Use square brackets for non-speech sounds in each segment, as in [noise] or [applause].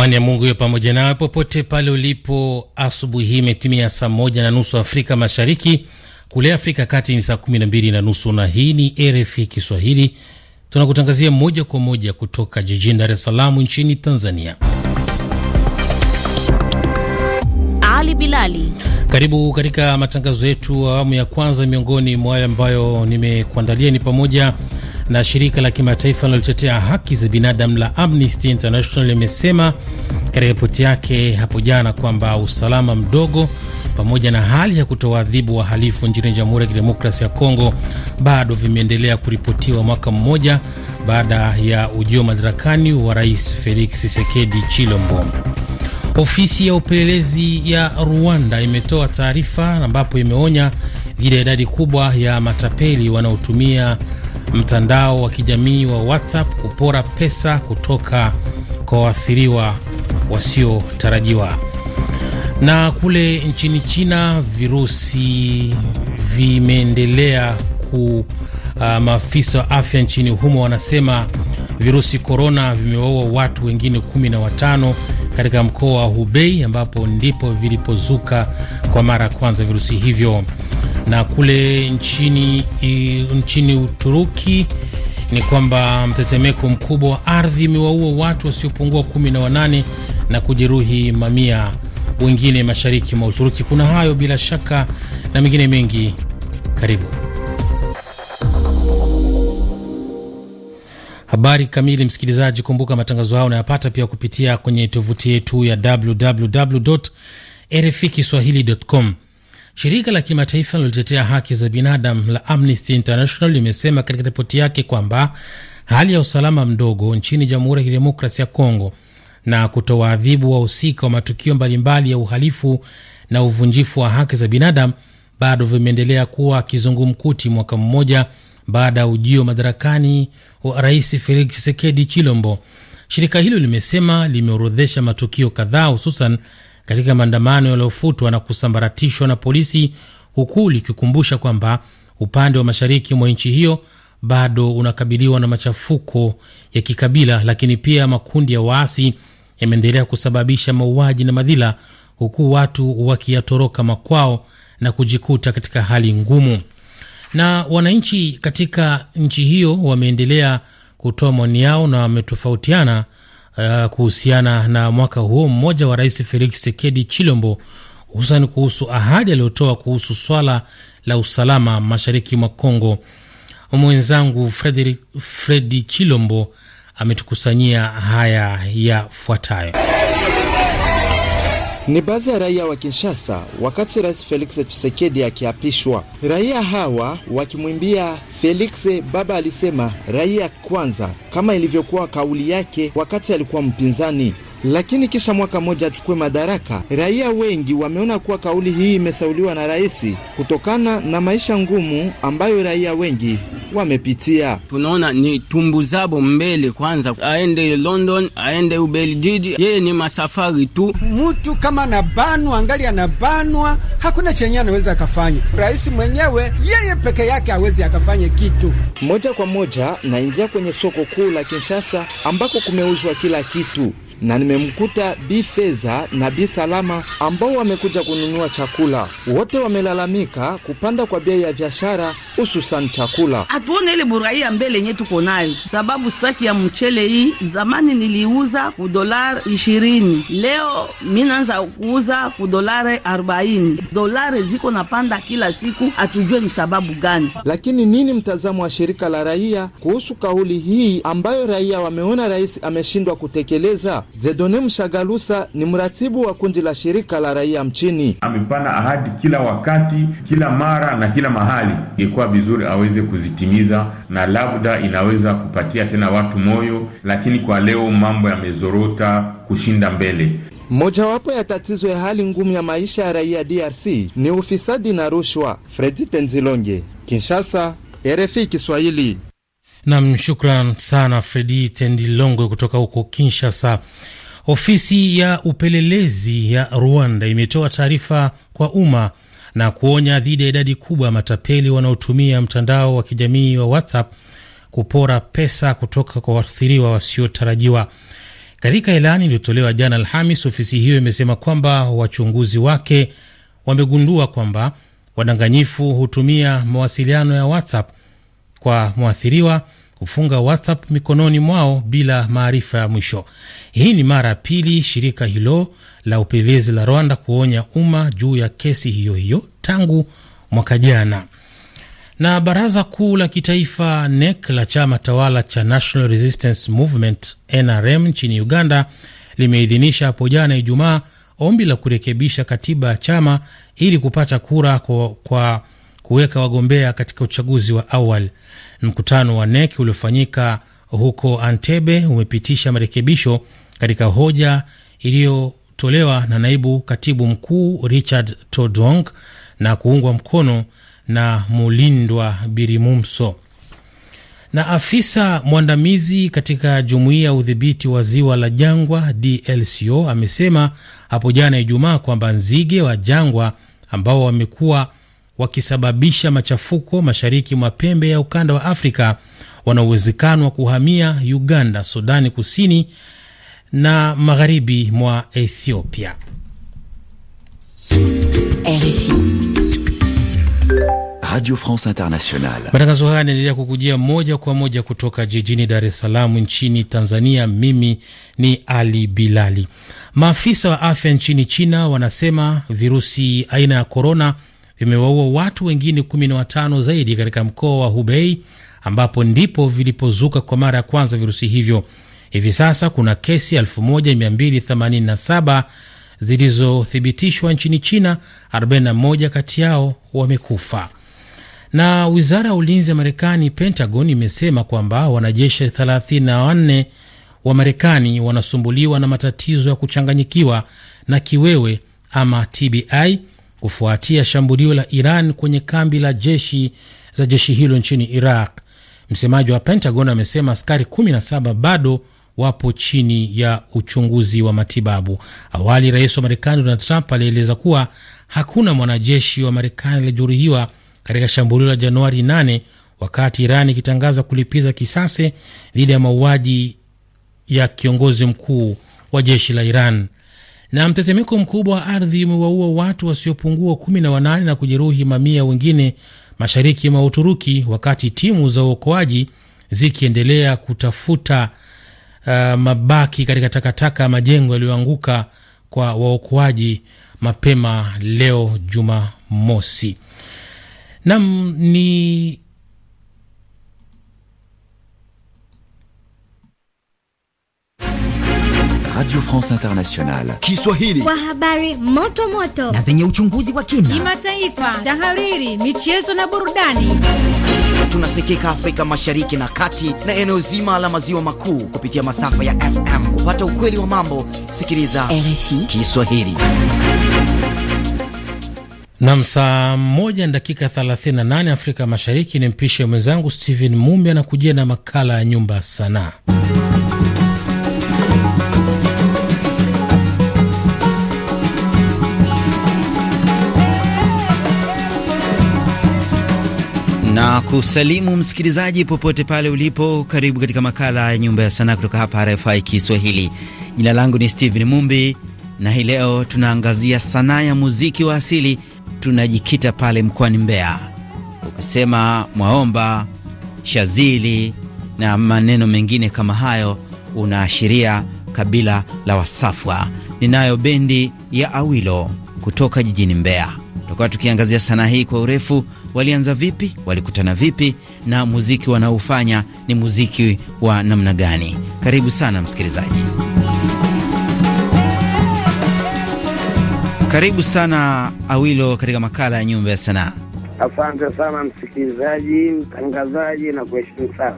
Amani ya Mungu hiyo pamoja nawe popote pale ulipo. Asubuhi hii imetimia saa moja na nusu Afrika Mashariki, kule Afrika Kati ni saa kumi na mbili na nusu na hii ni RFI Kiswahili, tunakutangazia moja kwa moja kutoka jijini Dar es Salaam nchini Tanzania. Ali Bilali, karibu katika matangazo yetu awamu ya kwanza. Miongoni mwa yale ambayo nimekuandalia ni pamoja na shirika la kimataifa linalotetea haki za binadamu la Amnesty International limesema katika ripoti yake hapo jana kwamba usalama mdogo pamoja na hali ya kutowaadhibu wahalifu nchini Jamhuri ya Kidemokrasia ya Kongo bado vimeendelea kuripotiwa mwaka mmoja baada ya ujio madarakani wa Rais Felix Tshisekedi Chilombo. Ofisi ya upelelezi ya Rwanda imetoa taarifa ambapo imeonya dhidi ya idadi kubwa ya matapeli wanaotumia mtandao wa kijamii wa WhatsApp kupora pesa kutoka kwa waathiriwa wasiotarajiwa. Na kule nchini China virusi vimeendelea ku uh, maafisa wa afya nchini humo wanasema virusi korona vimewaua watu wengine kumi na watano katika mkoa wa Hubei ambapo ndipo vilipozuka kwa mara ya kwanza virusi hivyo na kule nchini, nchini Uturuki ni kwamba mtetemeko mkubwa wa ardhi umewaua watu wasiopungua kumi na wanane na kujeruhi mamia wengine mashariki mwa Uturuki. Kuna hayo bila shaka na mengine mengi, karibu habari kamili. Msikilizaji, kumbuka matangazo hayo unayapata pia kupitia kwenye tovuti yetu ya www rfi kiswahili.com. Shirika la kimataifa linalotetea haki za binadamu la Amnesty International limesema katika ripoti yake kwamba hali ya usalama mdogo nchini Jamhuri ya Kidemokrasia ya Kongo na kutowaadhibu wahusika wa matukio mbalimbali ya uhalifu na uvunjifu wa haki za binadamu bado vimeendelea kuwa kizungumkuti mwaka mmoja baada ya ujio madarakani wa Rais Felix chisekedi Chilombo. Shirika hilo limesema limeorodhesha matukio kadhaa hususan katika maandamano yaliyofutwa na kusambaratishwa na polisi, huku likikumbusha kwamba upande wa mashariki mwa nchi hiyo bado unakabiliwa na machafuko ya kikabila, lakini pia makundi ya waasi yameendelea kusababisha mauaji na madhila, huku watu wakiyatoroka makwao na kujikuta katika hali ngumu. Na wananchi katika nchi hiyo wameendelea kutoa maoni yao na wametofautiana uh, kuhusiana na mwaka huo mmoja wa Rais Felix Chisekedi Chilombo, hususan kuhusu ahadi aliyotoa kuhusu swala la usalama mashariki mwa Kongo. Mwenzangu Fredi Chilombo ametukusanyia haya yafuatayo ni baadhi ya raia wa Kinshasa wakati Rais Felix Tshisekedi akiapishwa. Raia hawa wakimwimbia Felix baba alisema raia kwanza, kama ilivyokuwa kauli yake wakati alikuwa mpinzani lakini kisha mwaka mmoja achukue madaraka. Raia wengi wameona kuwa kauli hii imesauliwa na rais kutokana na maisha ngumu ambayo raia wengi wamepitia. Tunaona ni tumbu zabo mbele, kwanza aende London, aende Ubeljiji, yeye ni masafari tu. Mtu kama nabanwa, angali anabanwa, hakuna chenye anaweza akafanya. Rais mwenyewe yeye peke yake awezi akafanye kitu moja kwa moja. Naingia kwenye soko kuu la Kinshasa ambako kumeuzwa kila kitu na nimemkuta Bi na Bi Salama ambao wamekuja kununua chakula. Wote wamelalamika kupanda kwa bei ya biashara, hususan chakula. Hatuone ile burahi mbele yenye tuko nayo, sababu saki ya mchele hii zamani niliuza ku ishirini, leo mi naanza kuuza ku arobaini. dolare ziko napanda kila siku, hatujue ni sababu gani. Lakini nini mtazamo wa shirika la raia kuhusu kauli hii ambayo raia wameona rais ameshindwa kutekeleza? Zedonim Shagalusa ni mratibu wa kundi la shirika la raia mchini. Amepana ahadi kila wakati, kila mara na kila mahali, ingekuwa vizuri aweze kuzitimiza na labda inaweza kupatia tena watu moyo, lakini kwa leo mambo yamezorota kushinda mbele. Mojawapo ya tatizo ya hali ngumu ya maisha ya raia DRC ni ufisadi na rushwa. Fredi Tenzilonge, Kinshasa, RFI Kiswahili. Nam, shukran sana Fredi Tendilongwe kutoka huko Kinshasa. Ofisi ya upelelezi ya Rwanda imetoa taarifa kwa umma na kuonya dhidi ya idadi kubwa ya matapeli wanaotumia mtandao wa kijamii wa WhatsApp kupora pesa kutoka kwa waathiriwa wasiotarajiwa. Katika ilani iliyotolewa jana Alhamis, ofisi hiyo imesema kwamba wachunguzi wake wamegundua kwamba wadanganyifu hutumia mawasiliano ya WhatsApp kwa mwathiriwa kufunga WhatsApp mikononi mwao bila maarifa ya mwisho. Hii ni mara ya pili shirika hilo la upelelezi la Rwanda kuonya umma juu ya kesi hiyo hiyo tangu mwaka jana. Na baraza kuu la kitaifa NEC la chama tawala cha National Resistance Movement NRM nchini Uganda limeidhinisha hapo jana Ijumaa ombi la kurekebisha katiba ya chama ili kupata kura kwa, kwa kuweka wagombea katika uchaguzi wa awali. Mkutano wa NEC uliofanyika huko Antebe umepitisha marekebisho katika hoja iliyotolewa na naibu katibu mkuu Richard Todong na kuungwa mkono na Mulindwa Birimumso. Na afisa mwandamizi katika jumuiya ya udhibiti wa ziwa la jangwa DLCO amesema hapo jana Ijumaa kwamba nzige wa jangwa ambao wamekuwa wakisababisha machafuko mashariki mwa pembe ya ukanda wa Afrika wana uwezekano wa kuhamia Uganda, Sudani Kusini na magharibi mwa Ethiopia. RFI Radio France Internationale. Matangazo haya yanaendelea kukujia moja kwa moja kutoka jijini Dar es Salaam nchini Tanzania. Mimi ni Ali Bilali. Maafisa wa afya nchini China wanasema virusi aina ya korona vimewaua watu wengine 15 zaidi katika mkoa wa Hubei ambapo ndipo vilipozuka kwa mara ya kwanza virusi hivyo. Hivi sasa kuna kesi 1287 zilizothibitishwa nchini China, 41 kati yao wamekufa. Na wizara ya ulinzi ya Marekani, Pentagon, imesema kwamba wanajeshi 34 wa Marekani wanasumbuliwa na matatizo ya kuchanganyikiwa na kiwewe ama TBI kufuatia shambulio la Iran kwenye kambi la jeshi za jeshi hilo nchini Iraq. Msemaji wa Pentagon amesema askari 17 bado wapo chini ya uchunguzi wa matibabu. Awali rais wa Marekani Donald Trump alieleza kuwa hakuna mwanajeshi wa Marekani aliyejeruhiwa katika shambulio la Januari 8 wakati Iran ikitangaza kulipiza kisasi dhidi ya mauaji ya kiongozi mkuu wa jeshi la Iran. Na mtetemeko mkubwa wa ardhi umewaua watu wasiopungua kumi na wanane na kujeruhi mamia wengine mashariki mwa Uturuki, wakati timu za uokoaji zikiendelea kutafuta uh, mabaki katika takataka majengo yaliyoanguka kwa waokoaji mapema leo Jumamosi. Nam ni Radio France Internationale Kiswahili kwa habari moto moto na zenye uchunguzi wa kina, kimataifa, tahariri, michezo na burudani. Tunasikika Afrika Mashariki na Kati na eneo zima la maziwa makuu kupitia masafa ya FM. Kupata ukweli wa mambo, sikiliza RFI Kiswahili. Nam, saa moja na dakika 38 Afrika Mashariki. Ni mpishe mwenzangu Steven Mumbi anakujia na makala ya nyumba sanaa. na kusalimu msikilizaji popote pale ulipo. Karibu katika makala ya Nyumba ya Sanaa kutoka hapa RFI Kiswahili. Jina langu ni Steven Mumbi na hii leo tunaangazia sanaa ya muziki wa asili. Tunajikita pale mkoani Mbeya, ukisema mwaomba, shazili na maneno mengine kama hayo, unaashiria kabila la Wasafwa. Ninayo bendi ya Awilo kutoka jijini Mbeya tutakuwa tukiangazia sanaa hii kwa urefu. Walianza vipi? Walikutana vipi? Na muziki wanaofanya ni muziki wa namna gani? Karibu sana msikilizaji. Karibu sana Awilo katika makala ya Nyumba ya Sanaa. Asante sana msikilizaji, mtangazaji, na kuheshimu sana.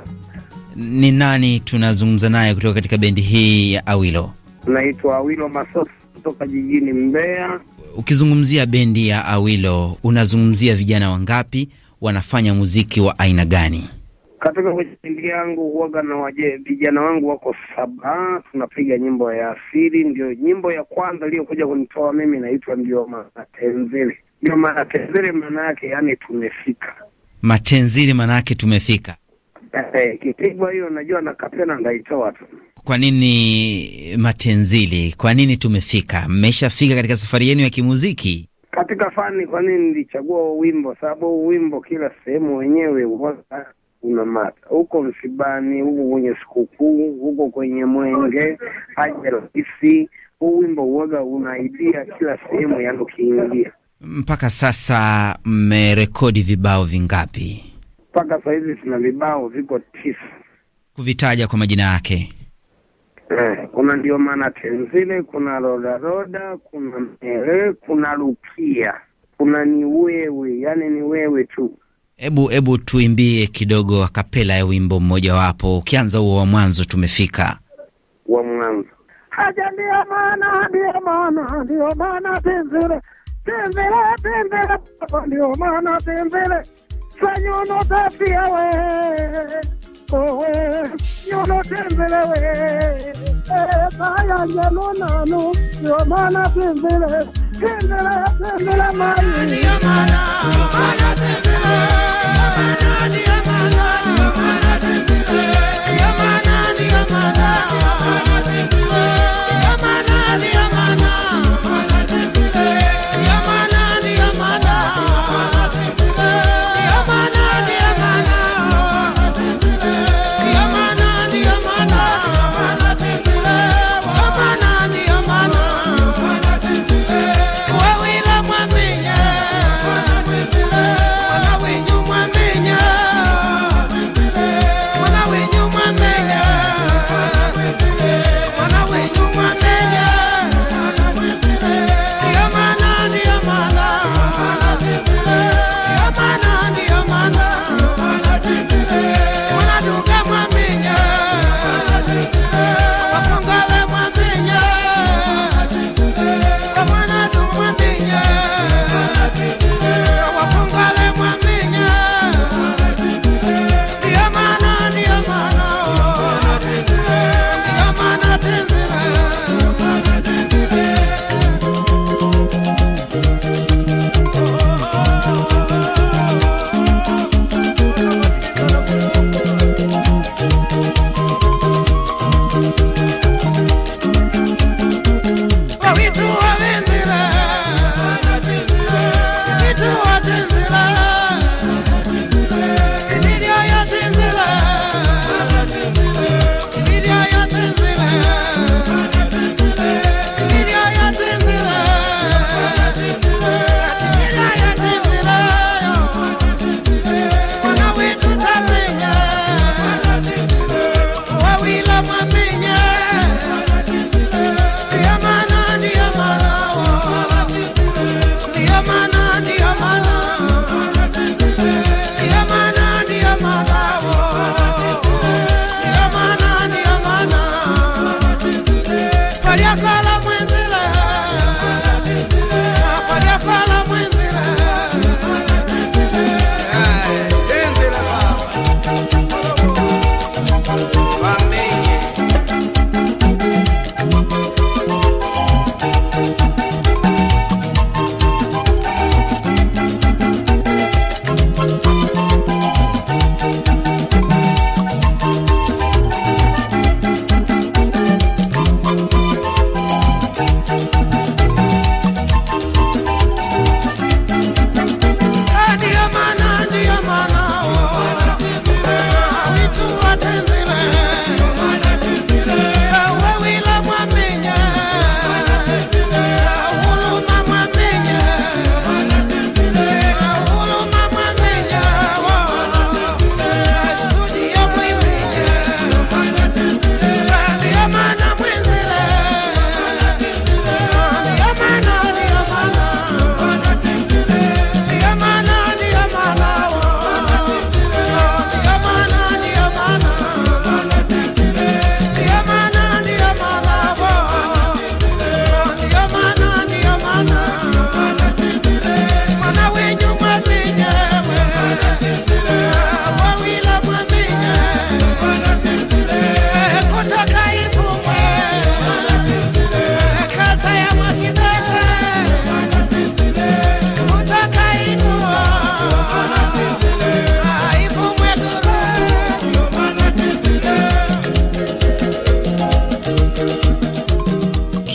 Ni nani tunazungumza naye kutoka katika bendi hii ya Awilo? Naitwa Awilo masofu kutoka jijini Mbeya. Ukizungumzia bendi ya Awilo, unazungumzia vijana wangapi? Wanafanya muziki wa aina gani? Katika bendi yangu huaga na waje vijana wangu wako saba, tunapiga nyimbo ya asili. Ndio nyimbo ya kwanza iliyokuja kunitoa mimi, naitwa ndio matenzile. Ndio matenzile, maana yake yani tumefika. matenzili maana yake tumefika. Eh, Kipigwa hiyo najua nakapena, ndaitoa tu. Kwa nini eh, matenzili? Kwa nini tumefika? Mmeshafika katika safari yenu ya kimuziki katika fani. Kwa nini nilichagua wimbo? Sababu wimbo kila sehemu wenyewe una mata huko msibani, huko kwenye sikukuu, huko kwenye mwenge, haja rahisi. Huu wimbo uoga unaidia kila sehemu yanokiingia. Mpaka sasa mmerekodi vibao vingapi? Mpaka sahizi tuna vibao viko tisa, kuvitaja kwa majina yake Eh, kuna ndio maana Tenzile, kuna rodaroda, kuna mere, kuna rukia, kuna ni wewe, yani ni wewe tu. Hebu hebu tuimbie kidogo akapela ya wimbo mmoja wapo, ukianza huo wa mwanzo. Tumefika wa mwanzo haja, ndio maana ndio maana ndio maana Tenzile, Tenzile, Tenzile, ndio maana Tenzile sanyono tafia wewe mana yonotembelewe ekhaya ngelonalo yomana tembele mana, tembele mana yomana yomana mana, yomana mana.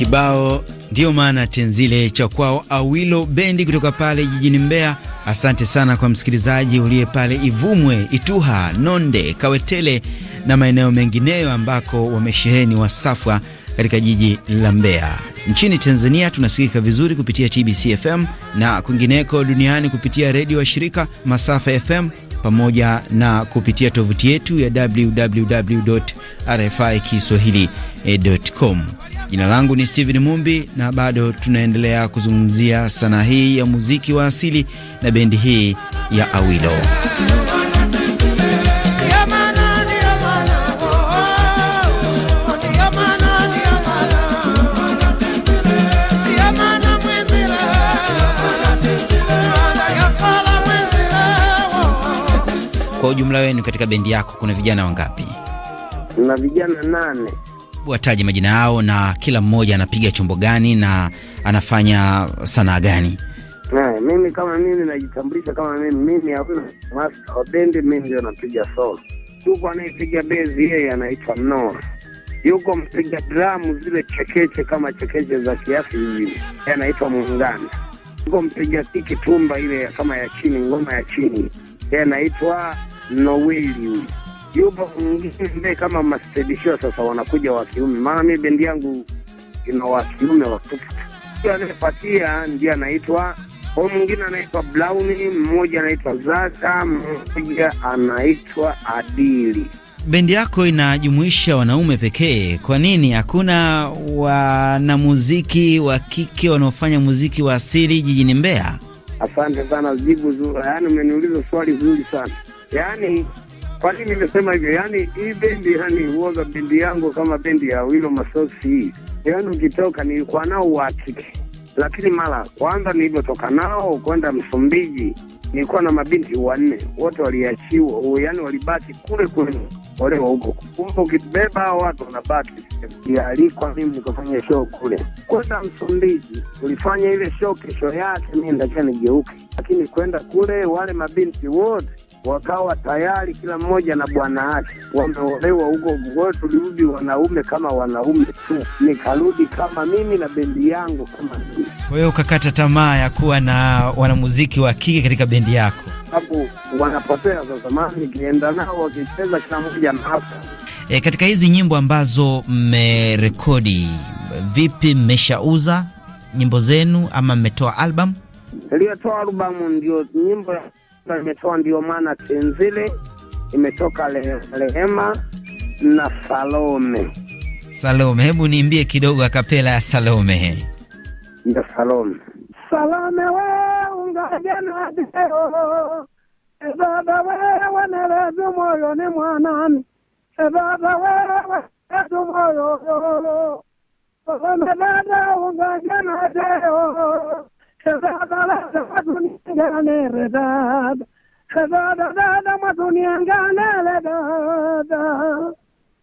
kibao ndiyo maana tenzile cha kwao Awilo bendi kutoka pale jijini Mbeya. Asante sana kwa msikilizaji uliye pale Ivumwe, Ituha, Nonde, Kawetele na maeneo mengineyo ambako wamesheheni wasafwa katika jiji la Mbeya. Nchini Tanzania tunasikika vizuri kupitia TBC FM na kwingineko duniani kupitia redio wa shirika Masafa FM pamoja na kupitia tovuti yetu ya www.rfikiswahili.com. Jina langu ni Steven Mumbi na bado tunaendelea kuzungumzia sanaa hii ya muziki wa asili na bendi hii ya Awilo. Kwa ujumla wenu katika bendi yako kuna vijana wangapi? Kuna vijana nane. Wataje majina yao na kila mmoja anapiga chombo gani na anafanya sanaa gani? Na, eh, mimi kama mimi najitambulisha kama mimi mimi hakuna master wa bendi, mimi ndio napiga solo. Yuko anayepiga bezi yeye anaitwa Mnora. Yuko mpiga dramu zile chekeche kama chekeche za kiasi hivi, yeye anaitwa Muungana. Yuko mpiga tiki tumba ile kama ya chini, ngoma ya chini, yeye anaitwa Nowili yupo mwingine kama mastedisho sasa wanakuja wa kiume, maana mi bendi yangu ina wa kiume watupu. Anayepatia ndiye anaitwa huyu, mwingine anaitwa Blauni, mmoja anaitwa Zaka, mmoja anaitwa Adili. Bendi yako inajumuisha wanaume pekee, kwa nini hakuna wanamuziki wa kike wanaofanya muziki wa asili jijini Mbeya? Asante sana, jibu zuri, yaani umeniuliza swali zuri sana yaani kwa nini nimesema hivyo? Yaani hii bendi yani huoga bendi yangu kama bendi ya Wilo Masosi hii, yaani ukitoka nilikuwa nao uhakiki, lakini mara kwanza nilivyotoka nao kwenda Msumbiji nilikuwa na mabinti wanne, wote waliachiwa, yaani walibaki kule kule wa huko. Kumbe ukibeba hao watu wanabaki. Alikwa mimi nikafanya show kule kwenda Msumbiji, ulifanya ile show, kesho yake mi ndakiwa nigeuke, lakini kwenda kule wale mabinti wote wakawa tayari kila mmoja na bwana wake, wameolewa huko Gogoyo. Tulirudi wanaume kama wanaume tu, nikarudi kama mimi na bendi yangu kama mimi. Kwa hiyo ukakata tamaa ya kuwa na wanamuziki wa kike katika bendi yako? Sababu wanapotea sasa, maana nikienda nao wakicheza kila mmoja na hapa E, katika hizi nyimbo ambazo mmerekodi vipi, mmeshauza nyimbo zenu ama mmetoa albamu? Iliyotoa albamu ndio nyimbo ya imetoa ndio maana Tenzile imetoka le, Lehema na Salome. Salome, hebu niimbie kidogo akapela ya Salome. Ndio Salome. Salome we ungajana deo Ebaba wewe nelezu moyoni mwanami Ebaba wewe nelezu moyo Salome dada ungajana deo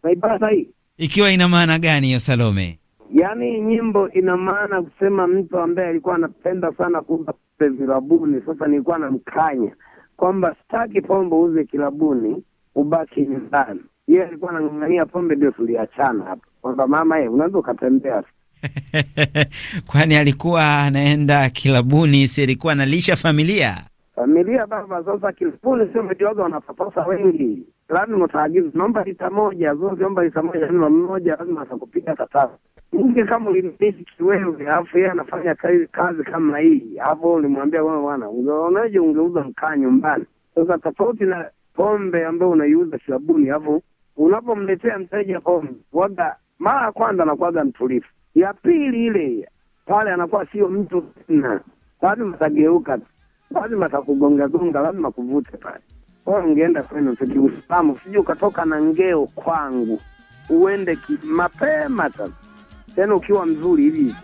Naipata hii ikiwa ina maana gani hiyo Salome? Yaani nyimbo ina maana kusema mtu ambaye alikuwa anapenda sana kuuza pombe vilabuni, sasa nilikuwa namkanya kwamba sitaki pombe uuze kilabuni, ubaki nyumbani. Yeye alikuwa anang'ang'ania pombe, ndio tuliachana hapa kwamba mama, yeye eh, unaweza ukatembea [laughs] kwani alikuwa anaenda kilabuni, si alikuwa analisha familia familia baba. Sasa kilabuni sio mjuaga, wanapaposa wengi, lazima utaagiza, naomba lita moja zote, omba lita moja neno mmoja, lazima atakupiga tatasa mke kama ulimisi kiwewe, alafu yeye anafanya kazi kazi kama hii, hapo ulimwambia wewe bwana, unaonaje ungeuza mkaa nyumbani? Sasa tofauti na pombe ambayo unaiuza kilabuni, alafu unapomletea mteja pombe, waga mara ya kwanza anakwaga mtulifu ya pili ile pale anakuwa sio mtu tena, lazima atageuka, lazima atakugonga gonga, lazima kuvute pale. hiyo ungeenda kwenu tukiuslamu, usije ukatoka na ngeo kwangu, uende mapema sana, tena ukiwa mzuri hivi.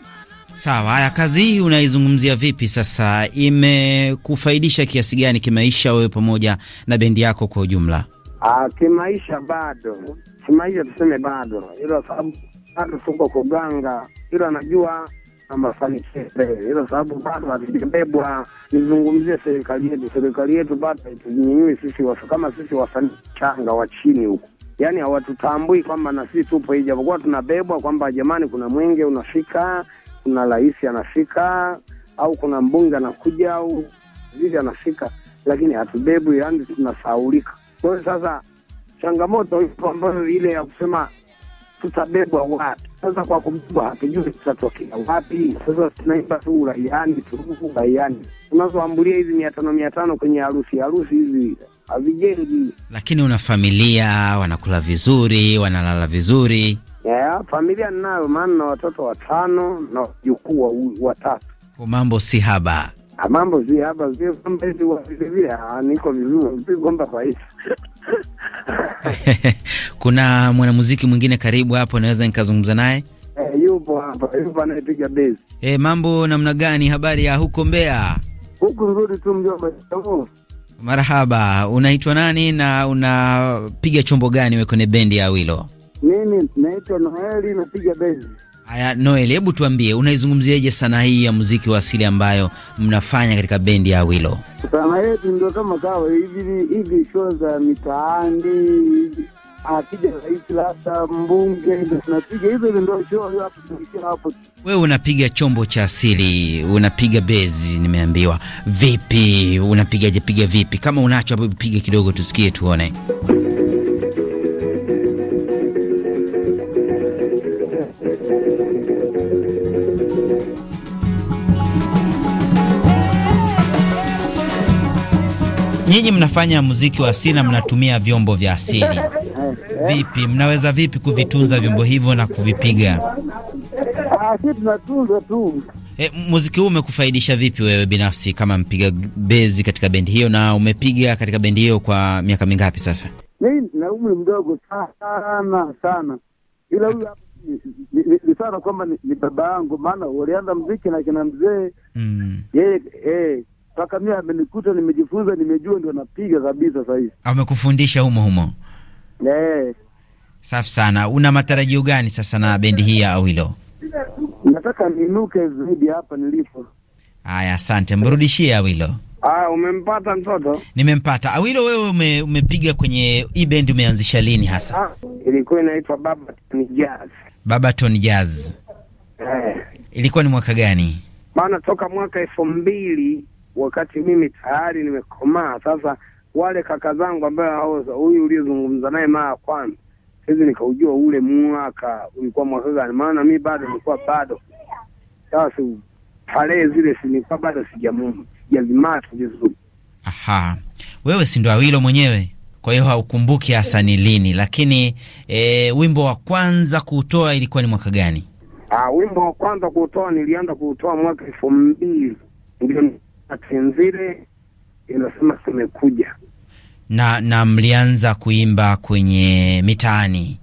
Sawa. Haya, kazi hii unaizungumzia vipi sasa? Imekufaidisha kiasi gani kimaisha, wewe pamoja na bendi yako kwa ujumla? Ah, kimaisha bado, kimaisha tuseme bado, ila sababu bado tuko kuganga, ila anajua na ila sababu bado hatujabebwa. Nizungumzie serikali yetu, serikali yetu bado haitunyanyui sisi wasa, kama sisi wasanii changa wa chini huku, yaani hawatutambui kwamba na sisi tupo hii, japokuwa tunabebwa kwamba jamani, kuna mwenge unafika, kuna rais anafika, au kuna mbunge anakuja, au zizi anafika, lakini hatubebwi, yaani tunasaulika. Kwa hiyo sasa changamoto ipo ambayo ile ya kusema tutabebwa wapi? Sasa kwa kumjua hatujui tutatokea wapi. Sasa tunaimba tu uraiani tu uraiani, tunazoambulia hizi mia tano mia tano kwenye harusi harusi hizi havijengi. Lakini una familia, wanakula vizuri, wanalala vizuri. Yeah, familia ninayo, maana na watoto watano na wajukuu watatu. Mambo si haba, mambo si haba, sio kwamba hizi vilevile, niko vizuri, si kwamba hizi [laughs] Kuna mwanamuziki mwingine karibu hapo, naweza nikazungumza naye eh? Yupo hapa, yupo anayepiga bezi eh. Mambo namna gani? Habari ya huko Mbeya? Huku nzuri tu mjomba. Marhaba, unaitwa nani na unapiga chombo gani? We kwenye bendi ya Awilo? Mimi naitwa Noeli, napiga bezi. Aya, Noel, hebu tuambie unaizungumziaje sanaa hii ya muziki wa asili ambayo mnafanya katika bendi ya Wilo? Sanaa yetu ndio kama kawa hivi hivi, show za mitaani, akija rais labda mbunge, ndio tunapiga hizo hizo, ndio show hapo hapo. Wewe unapiga chombo cha asili, unapiga bezi, nimeambiwa. Vipi unapigaje? Piga vipi? Kama unacho hapo, piga kidogo tusikie, tuone nyinyi mnafanya muziki wa asili na mnatumia vyombo vya asili, vipi mnaweza vipi kuvitunza vyombo hivyo na kuvipiga? Ah, si tunatunza tu. E, muziki huu umekufaidisha vipi wewe binafsi kama mpiga bezi katika bendi hiyo, na umepiga katika bendi hiyo kwa miaka mingapi sasa? Mimi na umri mdogo sana sana, ila huyu hapa ni sana kwamba ni baba yangu, maana walianza mziki na kina mzee yeye, mm. eh, mpaka mimi amenikuta, nimejifunza, nimejua, ndio napiga kabisa sasa hivi. Amekufundisha humo humo? Eh. Safi sana. Una matarajio gani sasa na bendi hii ya Awilo? Nataka ninuke zaidi hapa nilipo. Haya, asante, mrudishie Awilo. Ah, umempata mtoto? Nimempata. Awilo, wewe ume, umepiga kwenye hii bendi umeanzisha lini hasa? Ah, ilikuwa inaitwa Babaton Jazz. Babaton Jazz. Eh. Ilikuwa ni mwaka gani? Maana toka mwaka elfu mbili wakati mimi tayari nimekomaa. Sasa wale kaka zangu ambayo huyu uliozungumza naye mara ya kwanza hizi nikaujua ule mwaka ulikuwa mwaka gani? Maana mi bado nilikuwa bado sasa tarehe zile sinikuwa bado sijamumu sijazimata vizuri. Aha, wewe si ndo Awilo mwenyewe, kwa hiyo haukumbuki hasa ni lini, lakini e, wimbo wa kwanza kuutoa ilikuwa ni mwaka gani? Ah, wimbo wa kwanza kuutoa nilianza kuutoa mwaka elfu mbili ndio Atinzire inasema tumekuja na na mlianza kuimba kwenye mitaani?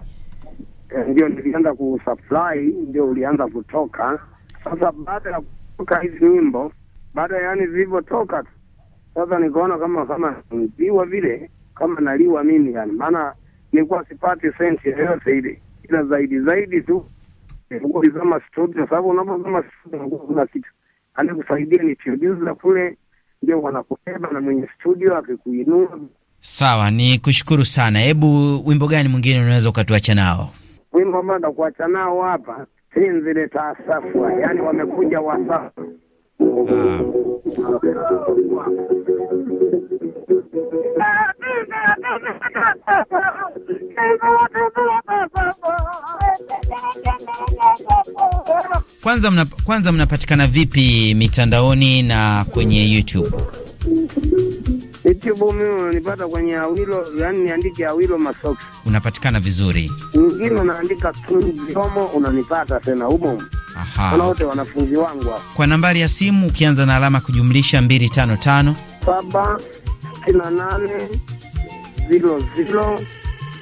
E, ndio nilianza kusupply, ndio ulianza kutoka. Sasa baada ya kutoka hizi nyimbo, baada yaani yani zilivyotoka sasa, nikaona kama kama niliwa vile kama naliwa mimi yani, maana nilikuwa sipati senti yoyote ile, ila zaidi zaidi tu nilikuwa nisoma studio, sababu unapozama studio kuna kitu anakusaidia ni producer kule, ndio wanakubeba na mwenye studio akikuinua. Sawa, ni kushukuru sana. Hebu wimbo gani mwingine unaweza ukatuacha nao? Wimbo ambao nakuacha nao hapa sinzi le yaani wamekuja wasafu. Uh. Ah. Kwanza mna, kwanza mnapatikana vipi mitandaoni na kwenye YouTube? YouTube mimi unanipata kwenye Awilo, yani niandike Awilo Masoki. Unapatikana vizuri. Nyingine unaandika Tunzomo unanipata tena humo. Aha. Kuna wote wanafunzi wangu hapa. Kwa nambari ya simu ukianza na alama kujumlisha 255 saba sitini na nane zilo zilo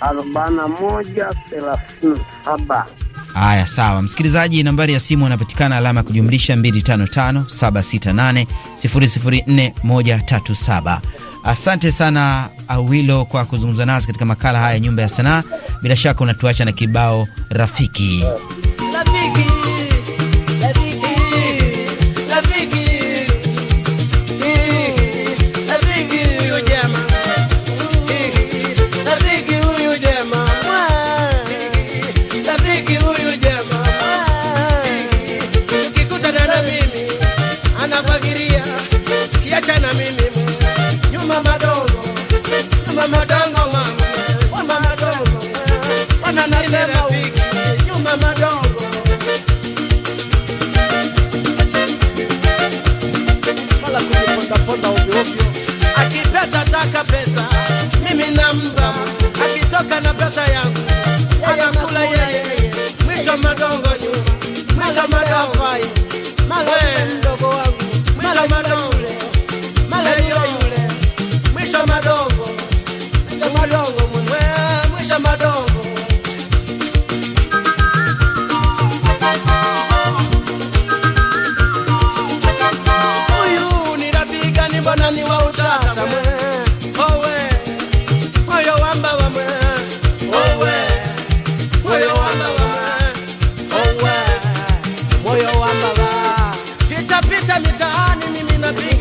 arobaini na moja thelathini na saba. Haya, sawa msikilizaji, nambari ya simu anapatikana alama ya kujumlisha 255768004137. Asante sana Awilo uh, kwa kuzungumza nasi katika makala haya ya nyumba ya sanaa. Bila shaka unatuacha na kibao rafiki ovyo, akipeta taka pesa mimi nampa, akitoka na pesa yangu anakula yeye, mwisho madongo madongonyo, mwisho madafai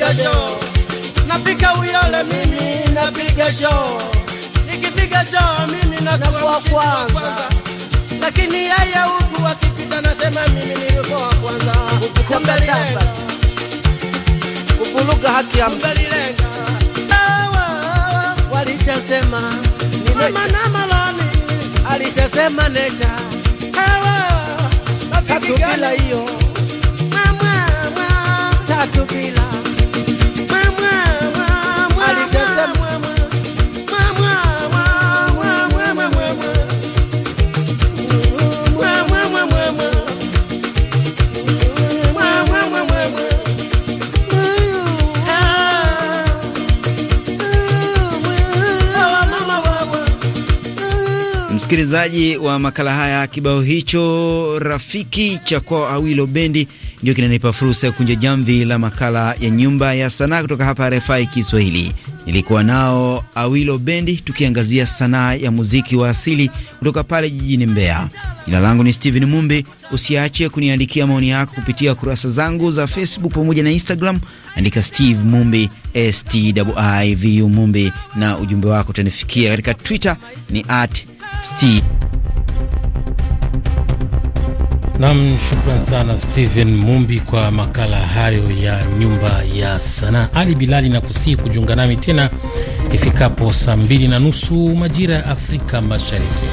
napiga sho, napika uyole mimi napiga sho, nikipiga sho mimi na kuwa kwanza, lakini yeye huku akipita nasema mimi wa kwanza. Kupukutamba kupuluga haki ya mbalilenga walishasema mama na maloni alishasema necha tatu bila hiyo tatu bila Msikilizaji wa makala haya, kibao hicho rafiki cha kwa Awilo Bendi ndio kinanipa fursa ya kunja jamvi la makala ya nyumba ya sanaa kutoka hapa RFI Kiswahili. Nilikuwa nao Awilo Bendi tukiangazia sanaa ya muziki wa asili kutoka pale jijini Mbeya. Jina langu ni Steven Mumbi. Usiache kuniandikia maoni yako kupitia kurasa zangu za Facebook pamoja na Instagram, andika Steve Mumbi, Stivu Mumbi, na ujumbe wako utanifikia. Katika Twitter ni at Steve Nam, shukran sana Stephen Mumbi kwa makala hayo ya nyumba ya sanaa. Ali Bilali na kusihi kujiunga nami tena ifikapo saa mbili na nusu majira ya Afrika Mashariki.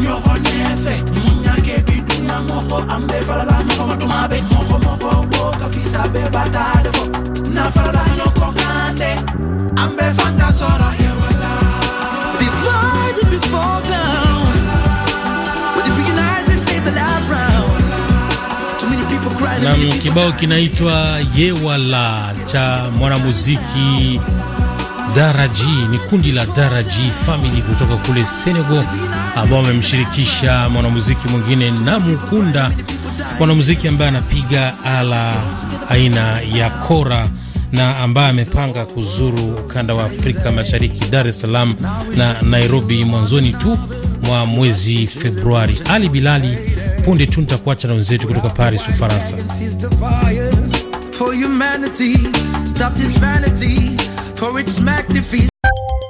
myogo munyake biduna ambe farala matumabe be batade na farala nyoko kande ambe fanga kibao kinaitwa yewala cha mwanamuziki Daraji ni kundi la Daraji Family kutoka kule Senegal ambao amemshirikisha mwanamuziki mwingine Namukunda, mwanamuziki ambaye anapiga ala aina ya kora na ambaye amepanga kuzuru ukanda wa Afrika Mashariki, Dar es Salaam na Nairobi mwanzoni tu mwa mwezi Februari. Ali Bilali, punde tu nitakuacha na wenzetu kutoka Paris, Ufaransa.